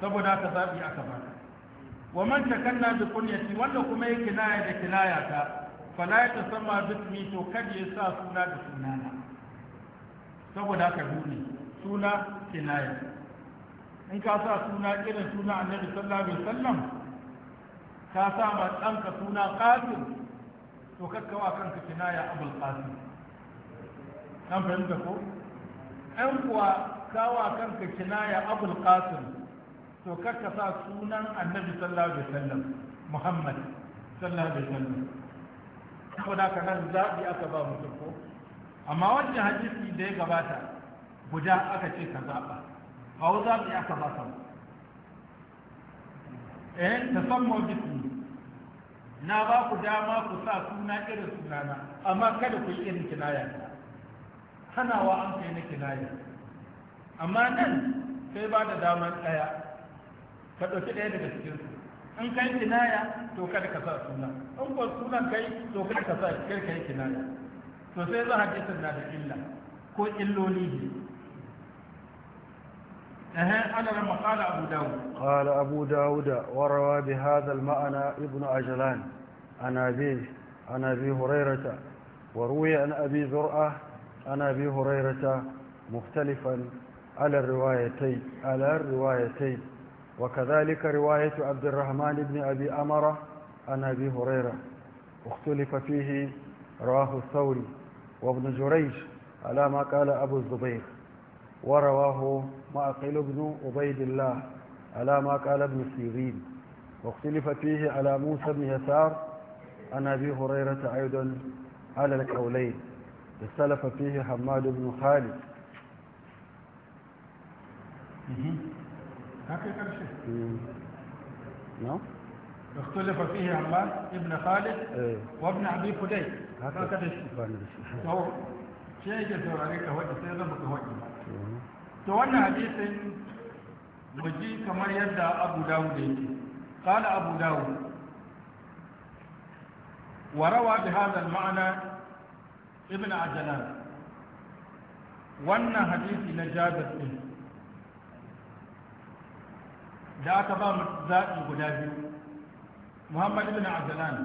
saboda ka zabi aka ba wa man takanna bi kunyati wanda kuma yake kinaya da kinaya ta fa la sama bismi to kad ya sa suna da sunana saboda ka duni suna kinaya in ka sa suna irin suna annabi sallallahu alaihi wasallam ka sa ma ɗanka suna ƙasir to kakkawa kanka kinaya abul qasim an fahimta ko an kuwa kawa kanka kinaya abul qasim to kakka sa sunan annabi sallallahu alaihi wasallam muhammad sallallahu alaihi wasallam saboda ka nan zaɓi aka ba mutum ko amma wannan hadisi da ya gabata guda aka ce ka zaɓa ba zaɓi aka ba ka eh tasammu bismi na ba ku dama ku sa suna irin sunana amma kada ku yi irin kinaya ta hanawa an kai na kinaya amma nan sai ba da damar ɗaya ka ɗauki ɗaya daga cikin su in kai kinaya to kada ka sa suna in ko sunan kai to kada ka sa kai kai kinaya to sai zan hadisin na da illa ko illoli ne قال لما قال أبو داود قال أبو داود وروى بهذا المعنى ابن عجلان عن أبيه عن أبي هريرة وروي عن أبي زرعة عن أبي هريرة مختلفا على الروايتين على الروايتين وكذلك رواية عبد الرحمن بن أبي أمرة عن أبي هريرة اختلف فيه رواه الثوري وابن جريج على ما قال أبو الزبير ورواه معقل بن عبيد الله على ما قال ابن سيرين واختلف فيه على موسى بن يسار عن أبي هريرة أيضا على القولين اختلف فيه حماد بن خالد نعم اختلف فيه حماد ابن خالد إيه. وابن أبي فديك هكذا شيء شيء يجب أن يكون هكذا سيظل مكهوكي to wannan hadisin muji kamar yadda abu dawo dawud yake qala abu dawo. wa rawa hadar hadha ibn ajlan wannan hadisi na jabir din da aka ba mu zaɓi guda biyu muhammad ibn ajlan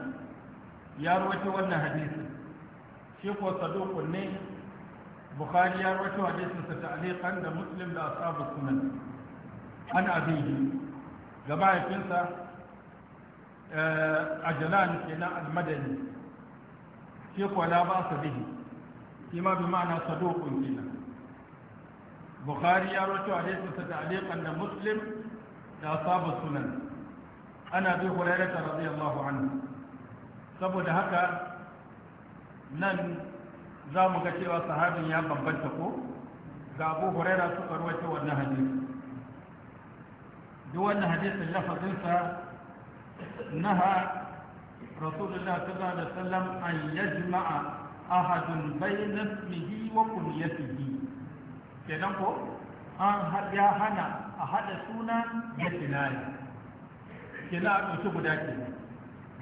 ya rawaito wannan hadisi shi ko saduqun ne bukhari ya rawaito hadisin sa ta'liqan da muslim da ashabu sunan an abihi ga mahaifinsa eh, ajalan kenan almadani shi kuwa ba su bihi shi ma bi ma'ana saduqun kenan bukhari ya rawaito hadisin sa da muslim da ashabu sunan an abi hurairah radiyallahu saboda haka nan za mu ga cewa sahabin ya bambanta ko ga abu huraira suka karwace wannan hadisi duk wannan hadisin lafazinsa naha rasulullah sallallahu alaihi wasallam an yajma'a ahadun bayna ismihi wa kunyatihi kenan ko an ya hana a hada suna ya tilali kenan a ɗauki guda ke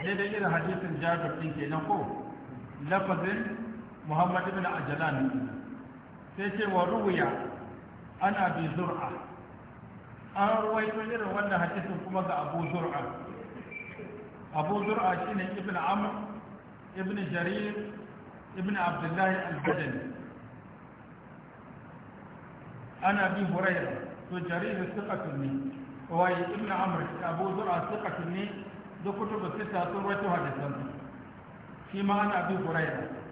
daidai irin hadisin jabir kenan ko lafazin muhammad ibn ajalan sai ce wa ruwiya ana bi zur'a an ruwaito irin wannan hadisin kuma ga abu zur'a abu zur'a shine ibn amr ibn jarir ibn abdullahi al-badani ana bi hurairah to jarir thiqatun ne wai ibn amr abu zur'a thiqatun ne da kutubu sita sun rawaito hadisan shi ma ana bi hurairah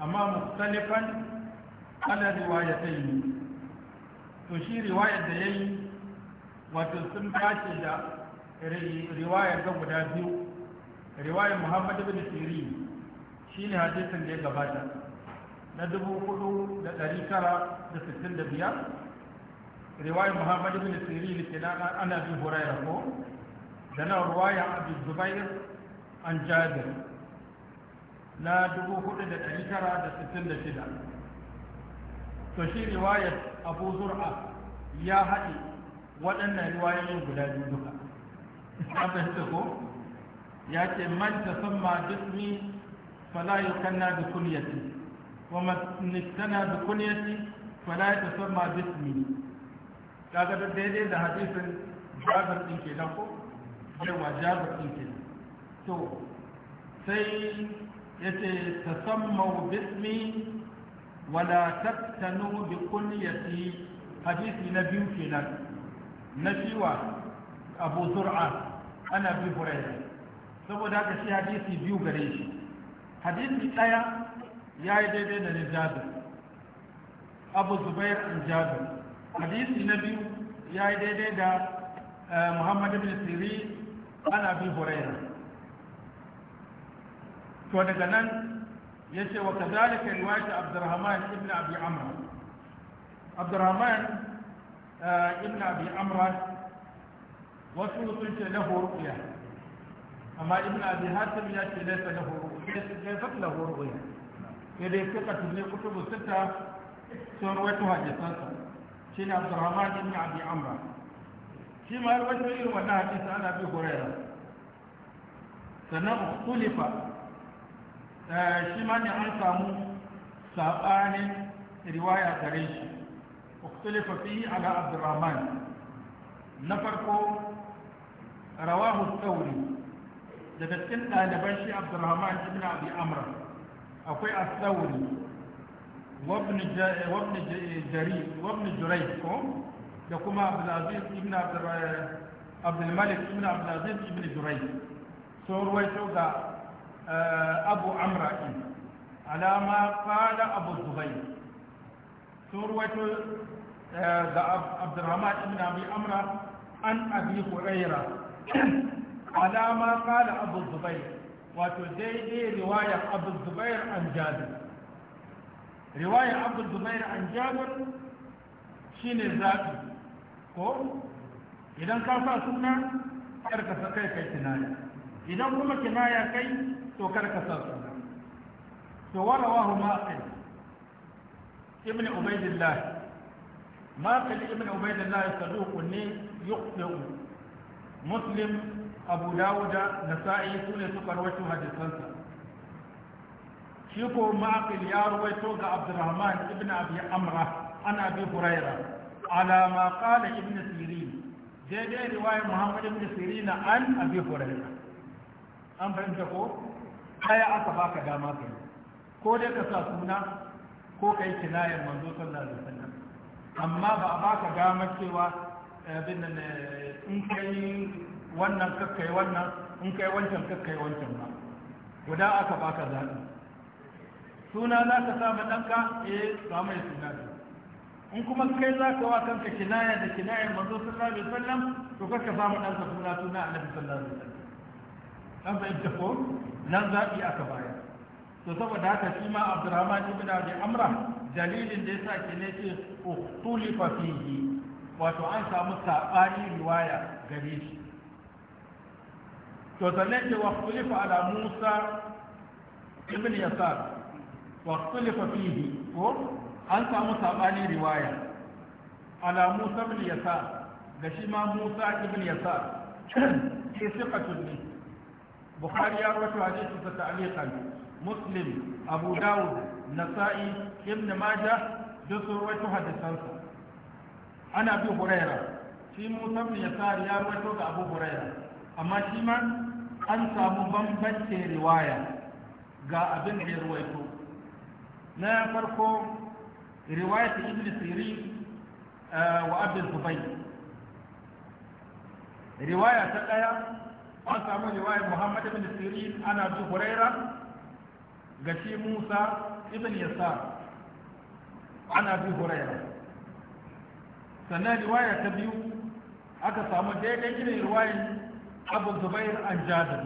amma mustalifan ala riwayatai to shi riwayar da yayi wato sun dace da riwayar ga guda biyu riwayar muhammad ibn shi ne hadisin da ya gabata na dubu da da da tara sittin biyar, riwayar muhammad ibn sirin na ana bi hurairah da na riwayar abu zubair an jabir na 4966 to shi riwayar abu zur'a ya haɗe waɗannan riwayoyin guda biyu duka abin ko ya ce man ta ma jismi fala yukanna da kunyati wa man nittana da kunyati falayi ta ma jismi kaga da daidai da hadisin jabar ɗin ke ko yawa jabar ɗin ke to sai يتسموا باسمي ولا تبتنوا بكليتي حديث نبي فينا نبيوة أبو زرعة أنا أبي هريرة سبو ذاك في حديث بيو بريش حديث كتايا يا يديدين نجاد أبو زبير نجاد حديث نبي يا يديدين آه، محمد بن سيري أنا أبي هريرة to daga nan ya ce wa kazalika riwayat abdurrahman ibn abi amr abdurrahman eh, ibn abi amr wasu sun ce lahu ruqya amma ibn abi hatim ya ce laysa lahu ruqya laysa lahu ruqya sai dai suka tunne kutubu sita sun rawaito sa. shine abdurrahman ibn abi amr shi ma rawaito irin wannan hadisi ana bi hurairah sannan ukhtulifa shi ma ne an samu saɓanin riwaya gare shi uktulifa fihi ala abdurrahman na farko rawahu sauri daga cikin ɗaliban shi abdurrahman ibn abi amra akwai as-sauri wabni jurai ko da kuma abdulaziz ibn abdulmalik ibn abdulaziz ibn jurai sun ruwaito ga abu amra'in alama kala abu zubai sun ruwaito da abdurrahman ibn abi amra an abi huraira alama kala abu zubai wato daidai riwayar abu zubair an jabir riwayar abu zubair an jabir shine zafi ko idan ka sa suna ƙarƙasa kai kai kinaya idan kuma kinaya kai to kar ka sa suna to warawahu maqil ibn ubaidillah maqil ibn ubaidillah saduq ne yuqtu muslim abu dawuda nasa'i sune suka rawaito hadisansa shi ko maqil ya rawaito ga abdurrahman ibn abi amra ana abi hurairah على ما قال ابن سيرين دي دي رواية محمد ابن سيرين عن أبي هريرة an fahimta ko kaya aka baka dama ka yi ko dai ka sa suna ko ka yi kinayar manzo sallallahu alaihi wasallam amma ba a baka dama cewa eh, abin nan eh, in kai wannan kakkai wannan in kai wancan kakkai wancan ba guda aka baka zaɓi suna za ka sa ma ɗanka eh ba mai suna ba in kuma kai za ka wa kanka kinaya da kinayar manzo sallallahu alaihi wasallam to ka sa ma ɗanka suna suna annabi sallallahu alaihi wasallam an ta ko nan zaɓi aka bayar to saboda haka shi ma abdurrahman ibn abi amra dalilin da yasa ke ne ce ukhtulifa fihi wato an samu sabani riwaya gare shi to sannan ce wakhtulifa ala musa ibn yasar wakhtulifa fihi ko an samu sabani riwaya ala musa ibn yasar da shi ma musa ibn yasar ke sifatun ne bukhari ya حديث hadisi sa ta'liqan muslim abu dawud nasa'i ibn majah duk انا ابو هريره ana bi huraira shi musa bin yasar ya rawaito ga abu huraira amma shi an samu bambance riwaya ga abin da ya ruwaito. na farko riwayat ibn sirin eh, wa abdul zubayr riwaya ta ɗaya. an samu riwayar muhammad ibn sirin ana abu huraira ga shi musa ibn yasar ana abu huraira sannan riwaya ta biyu aka samu daidai irin riwayar abu zubair an jabir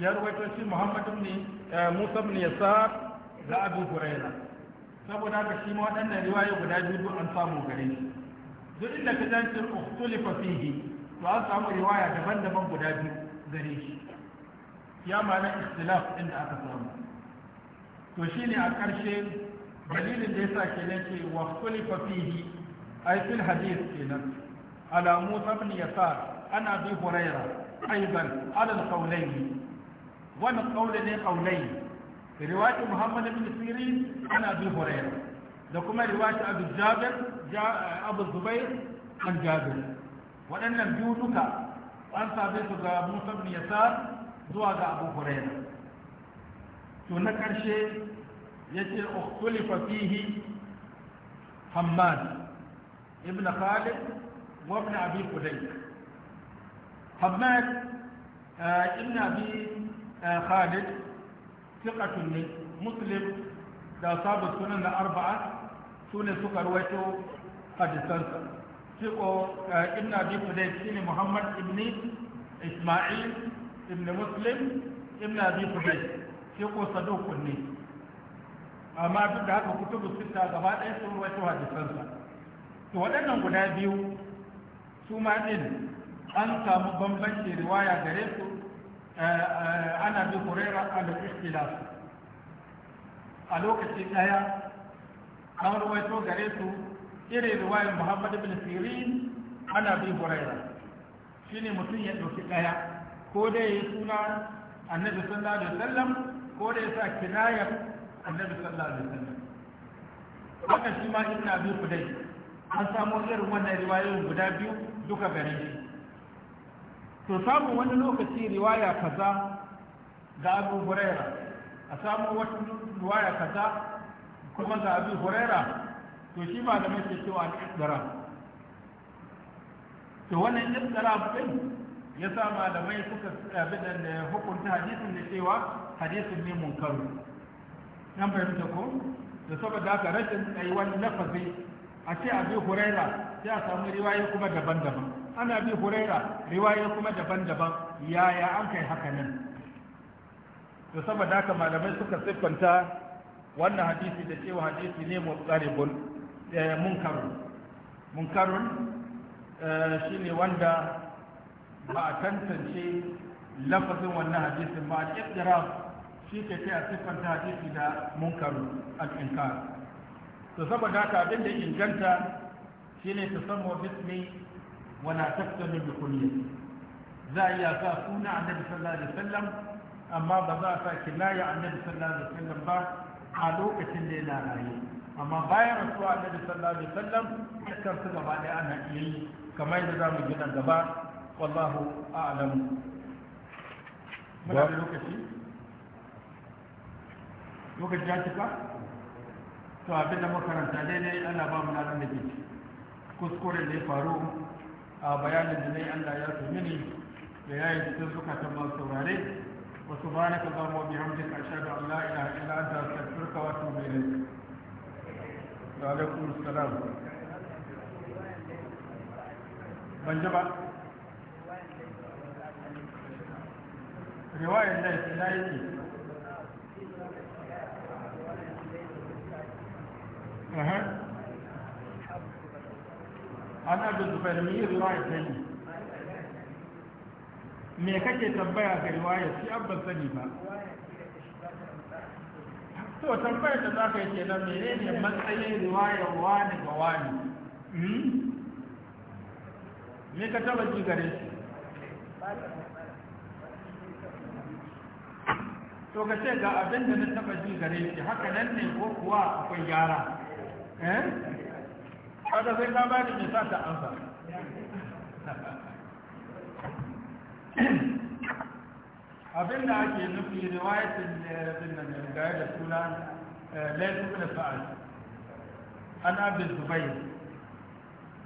ya ruwaito shi muhammad ibn eh, musa ibn yasar ga abu huraira saboda ka shi ma waɗannan riwaya guda biyu an samu gare shi duk inda ka jantin uktulifa fihi to an samu riwaya daban-daban guda biyu gare shi ya ma'ana istilaf inda aka samu to shine a ƙarshe dalilin da yasa ke ne ce wa khulifa fihi ay fil hadith kenan Alamu musa ibn ana bi huraira aidan ala al-qawlayn wa al-qawlayn qawlayn riwayat muhammad ibn sirin ana bi huraira da kuma riwayat abu jabir abu zubair an jabir waɗannan biyu duka an same su ga musa bin yasar zuwa ga abu huraira to na ƙarshe ya ce ukhtulifa fihi hammad ibn khalid wa ibn abi hudayk hammad eh, ibn abi eh, khalid thiqatun ne muslim da sabu sunan da arba'a sune suka ruwaito hadisansa تقو ابن أبي فديس محمد ابن إسماعيل ابن مسلم ابن أبي فديس تقو صدوق ني amma duk da haka kutubu sita gaba ɗaya sun wato hadisansa to waɗannan guda biyu su ma ɗin an samu bambanci riwaya gare su eh, eh, ana bi kurera al-ikhtilaf a lokaci ɗaya an ruwaito gare su iri riwayar Muhammadu bin sirin ana bi huraira shine mutum ya ɗauki ɗaya ko dai ya suna annabi sallallahu alaihi wasallam ko dai ya sa kinayar annabi sallallahu alaihi wasallam haka shi ma ibn abi kudai an samu irin wannan riwayoyin guda biyu duka gare shi to samu wani lokaci riwaya kaza ga abu huraira a samu wata riwaya kaza kuma ga abu huraira to shi ba da mace cewa al-iqdara to wannan iqdara din ya sa malamai suka tsabi da hukunta hadisin da cewa hadisin ne munkaru nan fahimta ko da saboda haka rashin tsayuwan lafazi a ce abi huraira sai a samu riwaye kuma daban-daban ana bi huraira riwaye kuma daban-daban yaya an kai haka nan to saboda haka malamai suka siffanta wannan hadisi da cewa hadisi ne mutsaribun Eh, munkarun munkarun eh, shi ne wanda ba a tantance lafazin wannan hadisin ba a ƙirƙira shi ke kai a siffanta hadisi da munkarun al'inkar to saboda haka abin da inganta shi ne ta samu bismi wana tafsirin da kuliya za a iya sa suna annabi sallallahu alaihi wasallam amma ba za a sa kilaya annabi sallallahu alaihi wasallam ba a lokacin da yana raye amma bayan rasuwa annabi sallallahu alaihi wasallam dukkan su gaba ɗaya ana iya yi kamar yadda za mu ji nan gaba wallahu a'lam muna da lokaci lokaci ya cika to abin da makaranta daidai ana ba mu nan da biki kuskure ne faru a bayanin da nayi Allah ya so mini da yi cikin zukatan masu saurare Wasu ba wa subhanaka allahumma wa bihamdika ashhadu an la ilaha illa anta turka wasu mai ilayk alaikum salam ban ji ba riwayar laifi na yake ana da zubar mai riwayar laifi me kake tambaya ga riwayar shi abban sani ba to tambayar da za ka yi kenan menene matsayin riwayar wani ga wani hmm? me ka taba ji gare shi to ka ce ga abin da na taba ji gare shi haka nan ne ko kuwa akwai gyara eh kada sai ka bani me sa ta amsa abin da ake nufi riwayatin bin nan gaya da suna eh, laifin da fa'al an abin zubai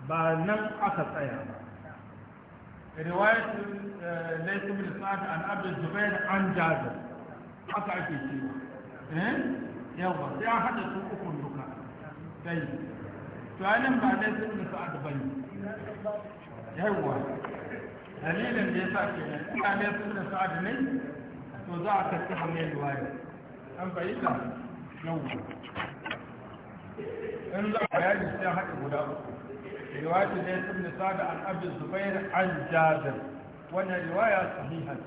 ba nan aka tsaya ba riwayatin eh, laifin da fa'al an abin zubai an jazo haka ake cewa eh? yawa sai an haɗa su ukun duka dai tuwanin ba laifin da fa'al ba ne yawa dalilin da ya sa ke nan ina ne su da sa'ad ne to za a karɓi hannun luwaye an fahimta yau in za a bayani sai haɗe guda uku riwaya ne sun da sa'ad an abin zubair an jazir wannan riwaya sahihan